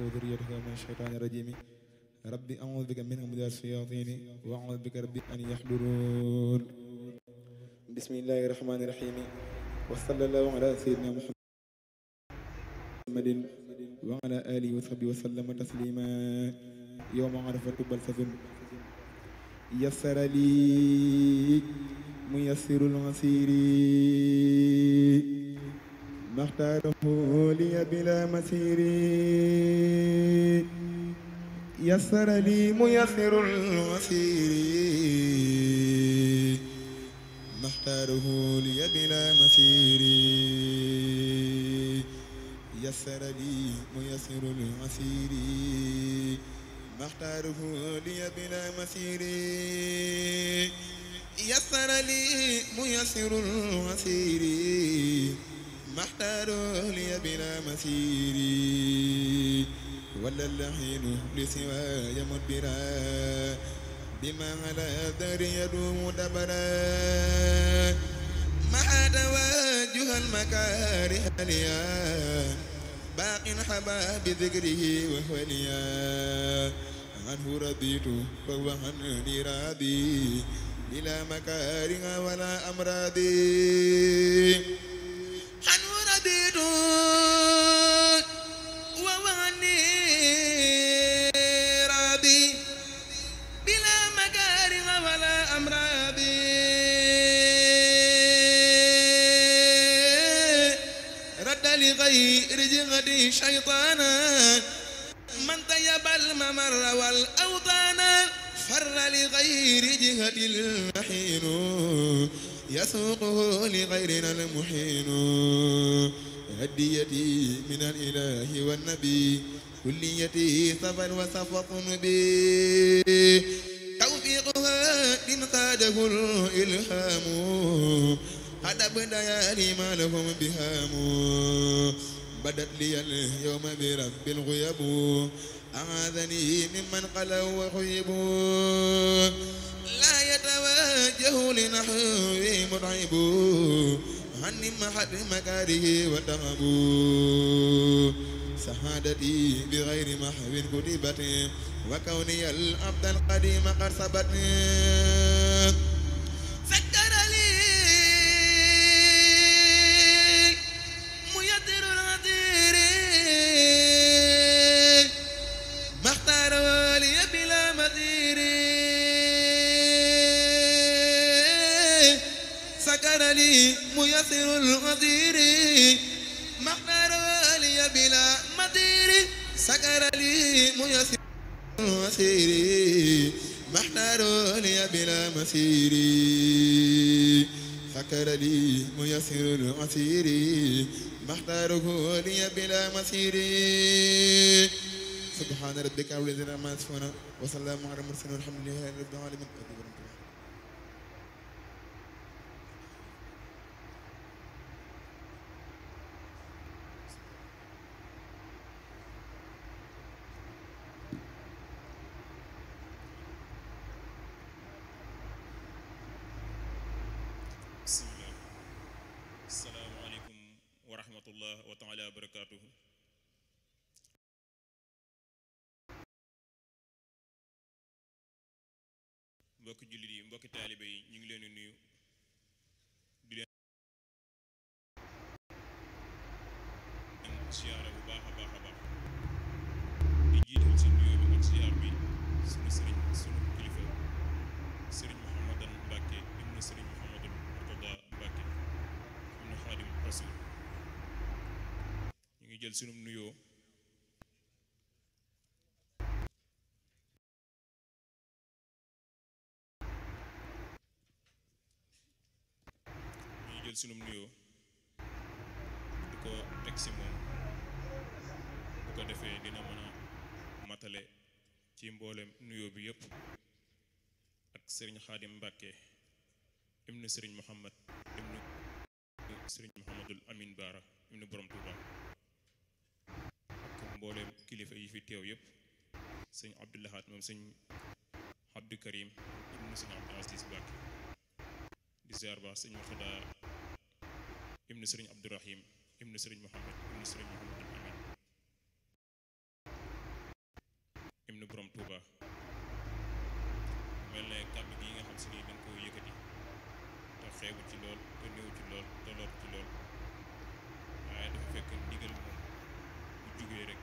وذريتك من الشيطان الرجيم ربي أعوذ بك من همزات الشياطين وأعوذ بك ربي أن يحضرون بسم الله الرحمن الرحيم وصلى الله على سيدنا محمد وعلى آله وصحبه وسلم تسليما يوم عرفة بلسفن يسر لي ميسر العسير مختاره لي بلا مسير يسر لي ميسر الوسير مختاره لي بلا مسير يسر لي ميسر الوسير مختاره لي بلا مسير يسر لي ميسر الوسير محتار لي بلا مسيري ولا اللحين لسواي مدبرا بما على الدار يدوم دبرا عاد واجه المكاره ليا باق حبا بذكره وهو ليا عنه رضيت فهو عني راضي بلا مكاره ولا أمراضي به شيطانا من طيب الممر والأوطان فر لغير جهة المحين يسوقه لغيرنا المحين هديتي من الإله والنبي كليتي صفا وصفط بي توفيقها إن قاده الإلهام هذا بدايا لما لهم بهام بدت لي اليوم برب الغيب أعاذني ممن قلوا وخيبوا لا يتواجه لنحوي مرعب عني محد مكاره وتغب سعادتي بغير محو كتبت وكوني الأبد القديم قد ثبت سكر لي ميسر الغدير مقدار لي بلا مدير سكر لي ميسر الغدير محتار لي بلا مسير سكر لي ميسر العسير محتاره لي بلا مسير سبحان ربك رب العزة عما يصفون وسلام على المرسلين والحمد لله رب العالمين warahmatullahi wa taala wabarakatuh mbokki jullit yi mbokki taalibe yi ñu ngi leen sunum nuyoo ñu jël sunum nuyoo du ko teg si moom bu ko defee dina mën matale ci mboolem nuyoo bi yépp ak sëriñ xaadim mbàkke ibnu sëriñ muhammad ibnu sëriñ muhammadul amin baara ibnu borom tuuba mbooleem kilifa yi fi teew yëpp sëñ Abdou Lahad moom sëñ Abdou Karim ibnu sëñ Abdou Aziz Bàkke di ziar baax sëñ Murtada ibnu sëriñ Abdourahim ibnu sëriñ Mohamed ibnu sëriñ Mohamed al Amin ibnu borom Touba mel ne kàddu gi nga xam si nii dañ ko yëkkati te xeebu ci lool te néew ci lool te lool ci lool waaye dafa fekk ndigal moom bu jugee rek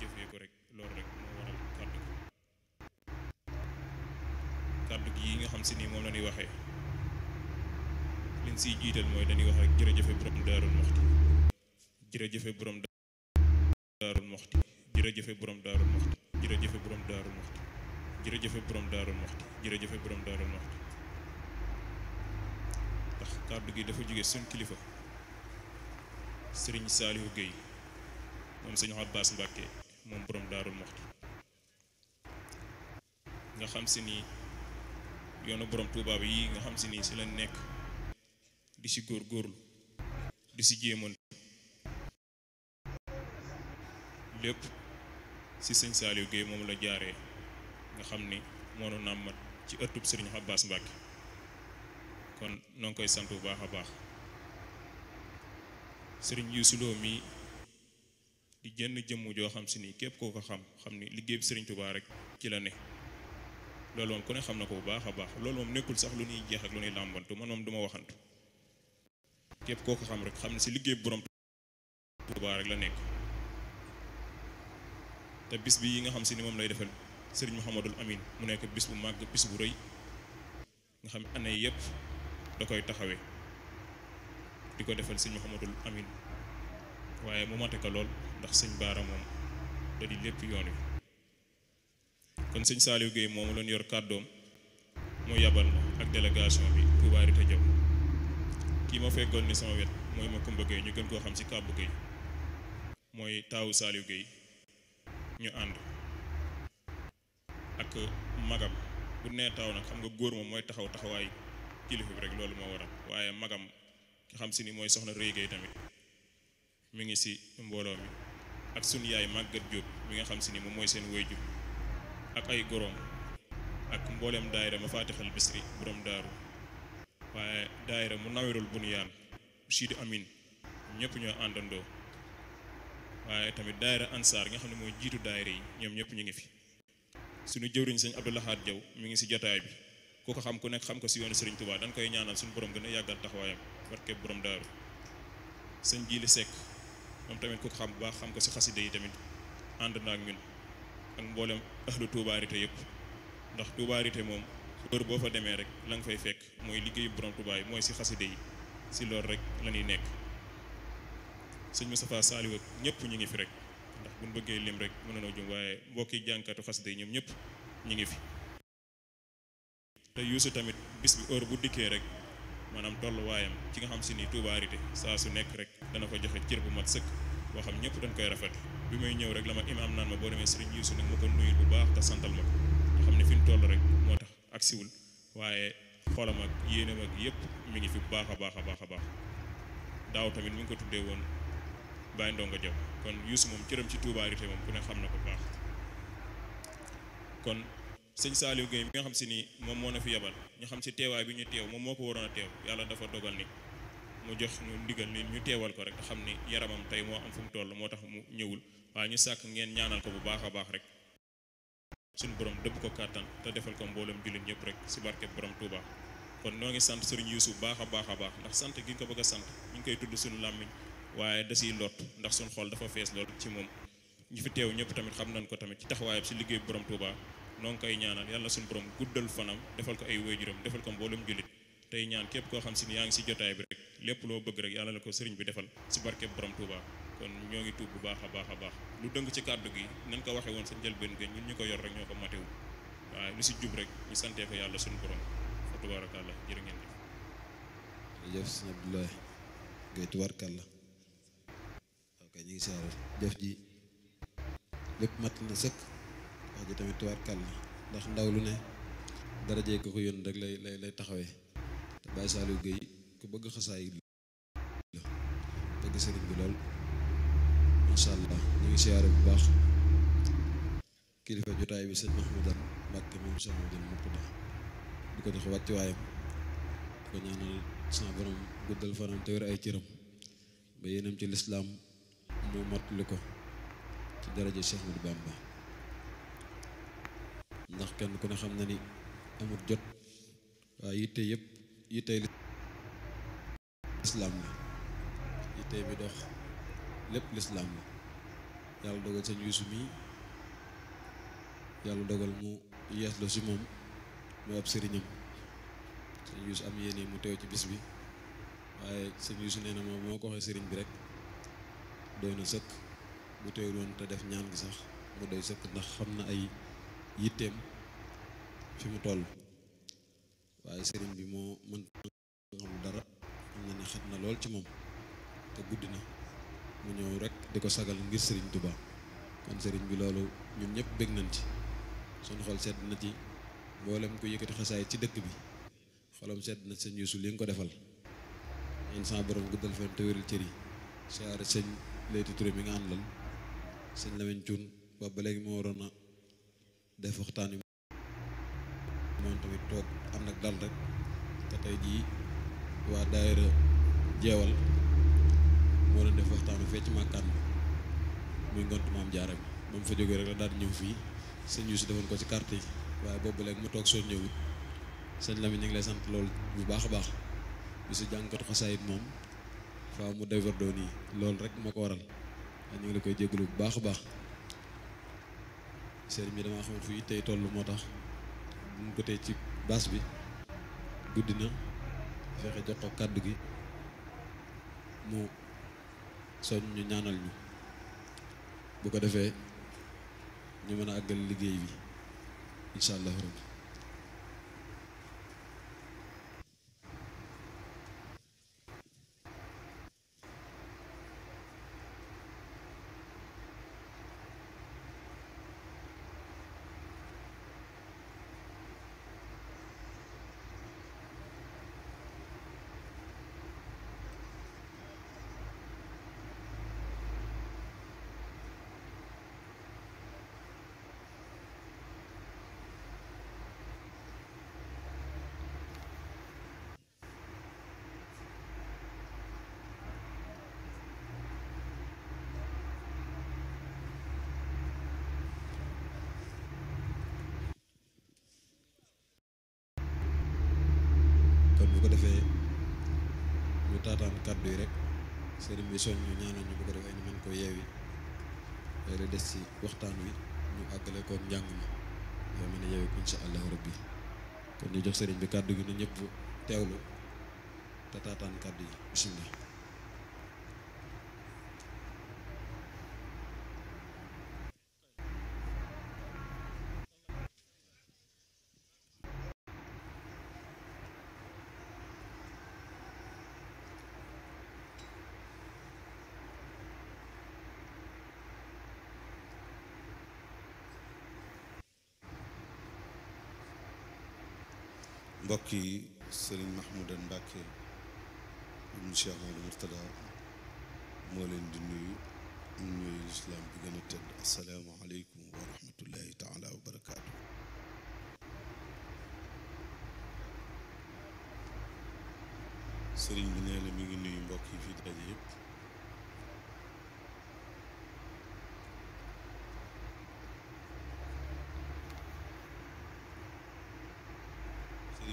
jëfee ko rek loolu rek moo waral kàddu gi kàddu gi yi nga xam si nii moom la ñuy waxee liñ siy jiital mooy dañuy wax rek jërëjëfe borom daarul moxti jërëjëfe borom daarul moxti jërëjëfe borom daarul moxti jërëjëfe borom daarul moxti jërëjëfe borom daarul moxti jërëjëfe borom daarul moxti ndax kàddu gi dafa jóge suñ kilifa sëriñ Saalihu Géey moom sëñ Abbas Mbàkke moom borom daarul moxti nga si ni yoonu borom tuuba yi nga xam si ni si nekk di si góor góorlu di si jéemante lépp si seen Saliou Guèye moom la jaaree nga xam ni moo nu nàmmat ci ëttub sëriñ Abbas Mbàkke kon noo koy sant bu baax a baax sëriñ Youssou Lo mii di jënn jëmm joo xam si ni képp koo ko xam xam ni liggéey bi sëriñ Tuubaa rek ci la ne loolu moom ku ne xam na ko bu baax a baax loolu moom nekkul sax lu ñuy jeex ak lu ñuy làmbantu man moom du ma waxantu képp koo ko xam rek xam ne si liggéey borom Tuubaa rek la nekk te bis bi yi nga xam si ni moom lay defal sëriñ Mouhamadul Amin mu nekk bis bu màgg bis bu rëy nga xam année yëpp da koy taxawee di ko defal sëriñ Mouhamadul Amin waaye mu mate ko lool ndax sëñ baara moom da lépp yoon wi kon sëñ Saliou Guèye moomu loon yor kàddoom mu yabal ak délégation bi Touba Rita Diop kii ma fekkoon ni sama wet mooy ma Kumba Guèye ñu gën koo xam ci Kàbbu Guèye mooy taawu Saliou Guèye ñu ànd ak magam bu ne taaw nag xam nga góor moom mooy taxaw taxawaay kilifa bi rek loolu moo waral waaye magam ki xam si ni mooy soxna Réy Guèye tamit mu ngi si mbooloo mi ak sun yaay màggat jóob mi nga xam si ni moom mooy seen wéy ak ay gorom ak mboolem daayira mafatixal bisri borom daaru waye daayira mu nawirul bunyan sidi amin ñepp ñoo andando waye tamit daayira ansar nga xam ni moy jitu daayira yi ñom ñepp ñi ngi fi suñu jëwriñ abdullah abdoulahaat jaw mi ngi ci jotaay bi ko ko xam ku nek xam ko si yoonu sëriñ touba dañ koy ñaanal suñu borom gëna yagal taxawayam borom daaru jili sek moom tamit ku ko xam bu baax xam ko si xasida yi tamit ànd na ak ñun ak mboolem ahlu tuubaarite yëpp ndax tuubaarite moom eur boo fa demee rek la nga fay fekk mooy liggéeyu borom tubaay mooy si xasida yi si loolu rek la nekk sëñ Moustapha Saliou ak ñëpp ñu ngi fi rek ndax buñ bëggee lim rek mën nañoo jum waaye mbokki jànkatu xasida yi ñoom ñëpp ñu ngi fi te yuusu tamit bis bi heure bu dikkee rek maanaam tolluwaayam ci nga xam si ni Touba saa su nekk rek dana ko joxe cër bu mat sëkk boo xam ñëpp dañ koy rafet bi may ñëw rek la ma imaam naan ma boo demee sëriñ Yuusu nag ma ko nuyul bu baax te santal ma ko nga xam ne fi mu toll rek moo tax ak siwul waaye xolam ak yéenam ak yëpp mi ngi fi bu baax a baax a baax a baax daaw tamit mi ngi ko tuddee woon Baye Ndongo Diop kon Yuusu moom cëram ci Touba moom ku ne xam na ko baax kon sëñ Saliou géey mi nga xam si ni moom moo na fi yebal ñu xam si teewaay bi ñu teew moom moo ko waroon a teew yàlla dafa dogal ni mu jox ñu ndigal ni ñu teewal ko rek nga xam ni yaramam tey moo am fu mu toll moo tax mu ñëwul waaye ñu sàkk ngeen ñaanal ko bu baax a baax rek suñu borom dëpp ko kàttan te defal ko mboolem jullit ñëpp rek si barke borom Touba kon noo ngi sant sëriñ Yuusu baax a baax a baax ndax sant gi nga ko bëgg a sant ñu ngi koy tudd suñu làmmiñ waaye da siy lot ndax suñu xol dafa fees lool ci moom ñu fi teew ñëpp tamit nañ ko tamit ci taxawaayam si liggéey borom Touba non kay ñaanal yalla suñu borom guddal fanam defal ko ay waajuram defal ko mbolum julit tay ñaan kep ko xam ci ni yaa ngi si jotaay bi rek lepp lo bëgg rek yalla la ko sëriñ bi defal ci barkeb borom Touba kon ñoo ngi tuub bu baaxa baaxa baax lu dëng ci kàddu gi nañ ko waxe woon sa njëlbeen gën ñun ñiko yor rek ñoko ko matewu waaye lu ci jub rek ñu santé fa yalla suñu borom fa tubaarakàlla jërë ngeen jëf jërëjëf sëñ abdullah ngay tabarakallah ok ñu ngi saaral ji lepp mat na sëkk wax ji tamit tubaarkàll ndax ndaw lu ne darajee ko ko yónn rek lay lay taxawee te Baye Saliou ku bëgg xasaay la bëgg sëriñ bi lool macha allah ñu ngi siyaare bu baax kilifa jotaay bi sëñ Mahmoudane Mbacke ko jox wàcc waayam di ko ñaanal sama guddal fanam te wér ay cëram ba yéenam ci lislaam mu mottali ko ci daraja Cheikh Ahmadou Bamba ndax kenn ku ne xam na ni amut jot waaye yitte yëpp yittey lislaam la yitte bi dox lépp lislaam la yàlla dogal sëñ Yuusu mi yàlla dogal mu yees yeeslu si moom mu ab sëriñam sëñ Yuusu am yéene mu teew ci bis bi waaye sëñ Yuusu nee na moom moo ko waxee sëriñ bi rek doy na sëkk bu teewul woon te def ñaan gi sax mu doy sëkk ndax xam na ay yitteem fi tool toll waaye sëriñ bi moo mën xam dara am na ne xat na lool ci moom te guddi na mu ñëw rek di ko sagal ngir sëriñ Tuubaa kon sëriñ bi loolu ñun ñëpp bég nañ ci suñu xol sedd na ci mboolem ko yëkkati xasaay ci dëkk bi xolam sedd na sëñ Yuusu li nga ko defal ñaan sa borom guddal fan te wéral cër yi siyaare sëñ Leyti Touré mi nga àndal sëñ Lamin Cuun ba ba waroon a def waxtaan wi moom tamit toog am nag dal rek te tey jii waa daayira jeewal moo leen def waxtaanu fecc màkkaan bi moom fa jógee rek la daal di ñëw fii sëñ yu si defoon ko ci carte yi waaye boobu léegi mu toog soo ñëwut sëñ Lamine ñu ngi lay sant lool bu baax a baax bi si jàngkatu xasaayit moom faaw mu déwér doon yi loolu rek moo ko waral ñu ngi la koy jégalu bu baax a baax sëriñ bi damaa xamul fii tey toll moo tax mu ko ci baas bi guddi na fexe jox kàddu gi mu soñ ñaanal ñu bu ko defee ñu mën a àggal liggéey bi incha allahu rabbi bu defee ñu taataan kàddu yi rek sëriñ bi soñ ñu ñaanal ko defee ñu ci waxtaan wi ñu àggale njàng mi yoo mën kon ñu jox sëriñ bi kàddu gi ñu ñëpp teewlu te taataan kàddu yi bisimilah mbokk yi Serigne Mahmoudan Mbacke ibn Cheikh Amadou Murtada moo leen di nuyu ñu nuyu lislaam bi gën a tëdd asalaamaaleykum wa taala wa barakaatu. Serigne bi nee na mi ngi nuyu mbokk yi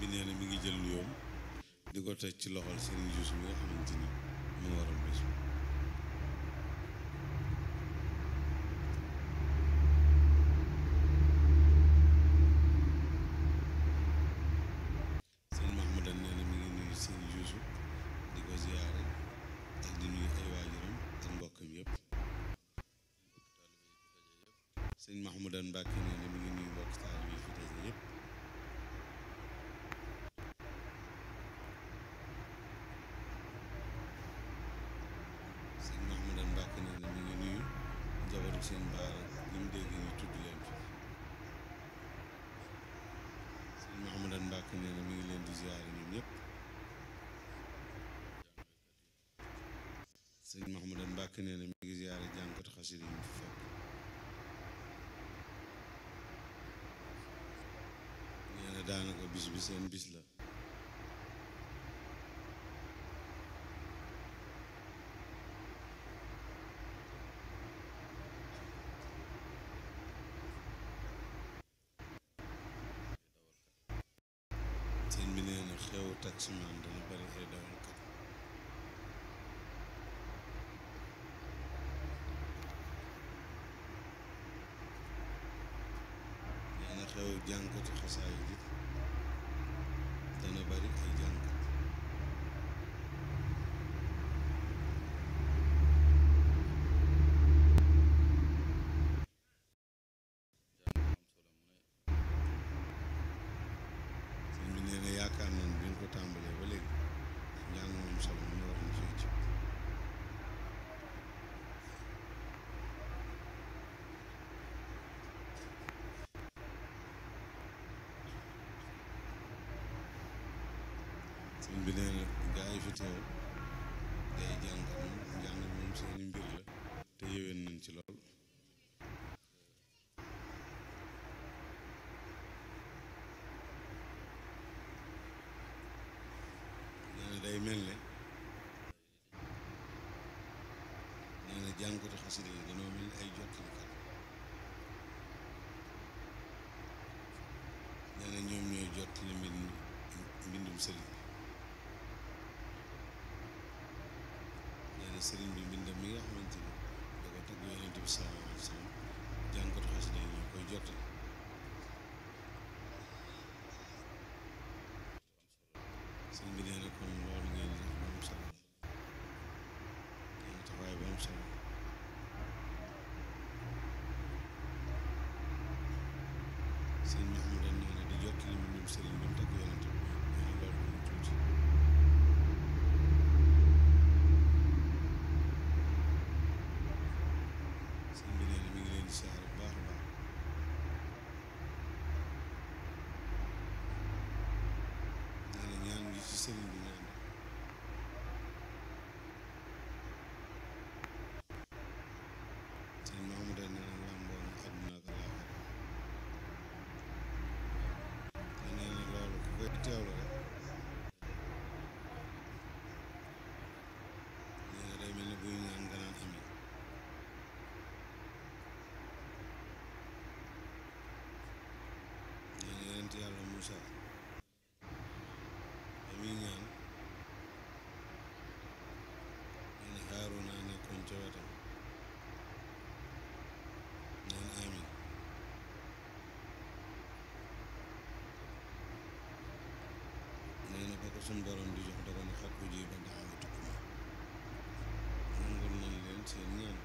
bi nee na mi ngi jël yoom di ko teg ci loxol Serigne Youssou mi nga xamante ni moo waral bés ak seen baara ñu dégg ñu tudd leen fi sëñ Mouhamadou Mbacke nee na mi ngi leen di ziare ñoom ñëpp sëñ Mouhamadou Mbacke nee na mi ngi ziare jànkatu xasida yi ñu fi fekk nee daanaka bis bi seen bis la xewu taximaan dana bari ay dawalkat nee na xewu jànkatu xasaay bi dana bari ay jànkat yaakaar na Tam böyle böyle. njàng moom solo mu war na fii ci sëñ bi nee na gaa yi fi teew day jàng moom njàng moom seeni mbir la te yéwén سرير ومن أي جهة nee na ñoom ñooy jot li mbind mbindum sëriñ bi nee na sëriñ bi mbindam mi nga xamante ni da ko tagg yonent bi sallallahu alayhi wa sallam jàngatu xasida yi ñoo koy jottali sëriñ bi nee na kon sëñ Mahmoudan nee na di jot li mu ñoom sëriñ mu tagg yonent bi nee na loolu lu tuuti sëñ mi ngi di siyaare bu baax a baax ñaan gi ci ko suñ borom di jox dafa ne xat ku ji ba daawatukuma nangul nañ leen seen ñaan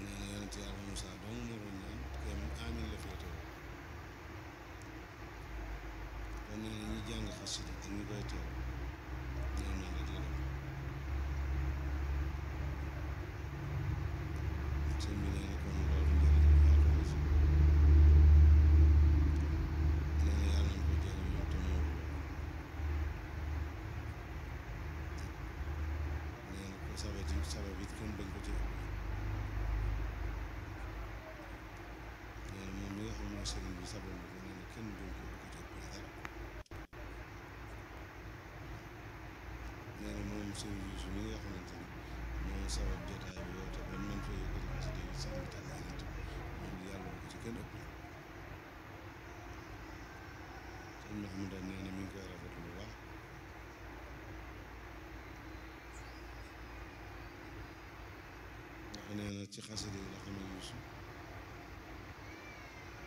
nee na yonent yàlla Moussa dong moo doon ñaan kéem aamin la féetewoo kon nee na ñi jàng xasida ak ñi koy teew ñoom ñaan rek la dem يكون بالبطيء يعني من يروح المسجد بسبب المكان يعني كان بالبطيء بالذات يعني من المسجد يروح من تاني من سبب جت هاي بيوت أبدا من في يوم كده مسجد يصير متعلق يعني من ديال بالبطيء كان أبدا تمنح مدرني أنا مين كاره nee na ci xasida yi la xamee yuusu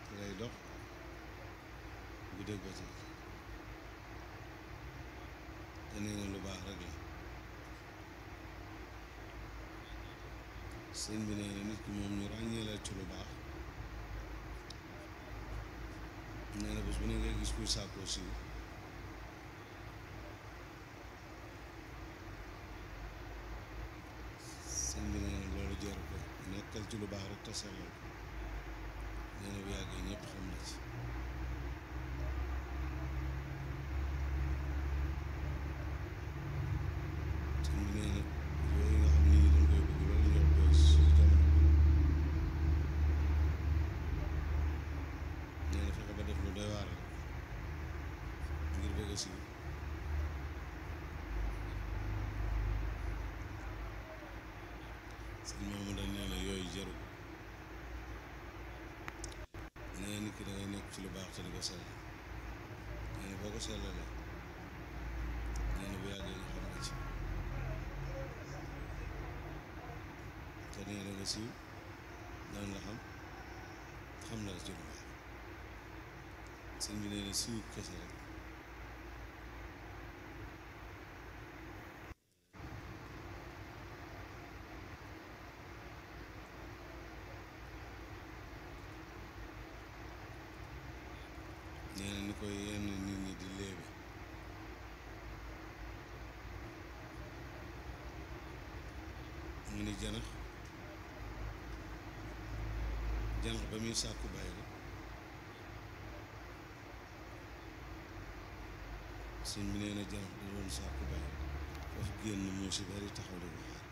te lay dox bu dégg bëccëg te nee na lu baax rek la sëñ bi nee na nit ki moom ñu ràññee la ci lu baax nee na bés bu ne ngay gis kuy sàkkoo siiw ci lu baax rek tasaare ko nee na bu xam na ci te mu nee na nga xam ne nii dañ koy bëgg loolu ñoo koy si jamono bi nee na fexe ba def lu doy waar ngir bëgg si sëñ ci lu baax te di ko sell nee na ko sellalee nee na bu yàggee nga xam nga ci te nee nga siiw daan la xam xam la ci lu baax sëñ bi nee siiw kese rek ba muy sàkku bàyyi la sëñ bi nee na jaam da doon sàkku bàyyi la foofu génn moo si bari taxaw di ko xaar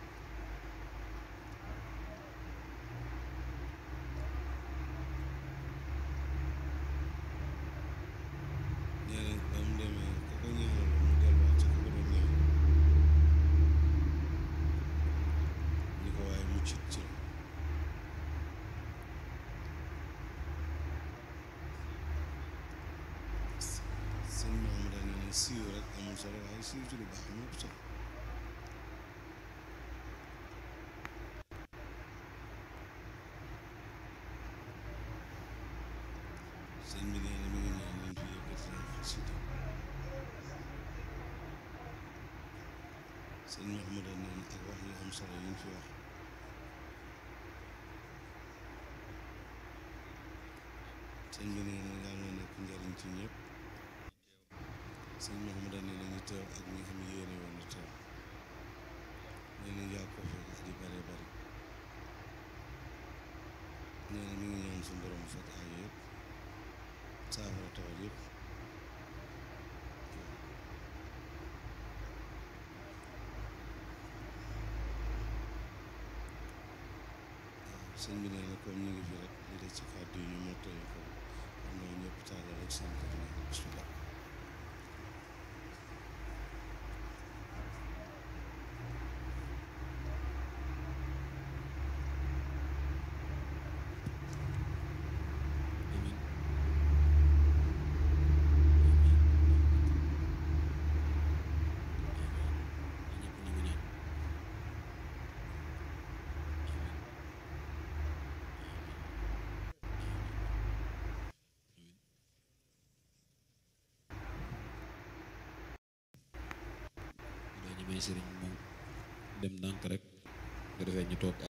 sëñ bi nee na mi ngi ñaan ngeen fi yëkkati seen xasida sëñ Mahmouda nee na ak wax yu am solo wax foto alayım. Senin bir konuna girerek ñu may sëriñ dem ndànk rek nga defee ñu toog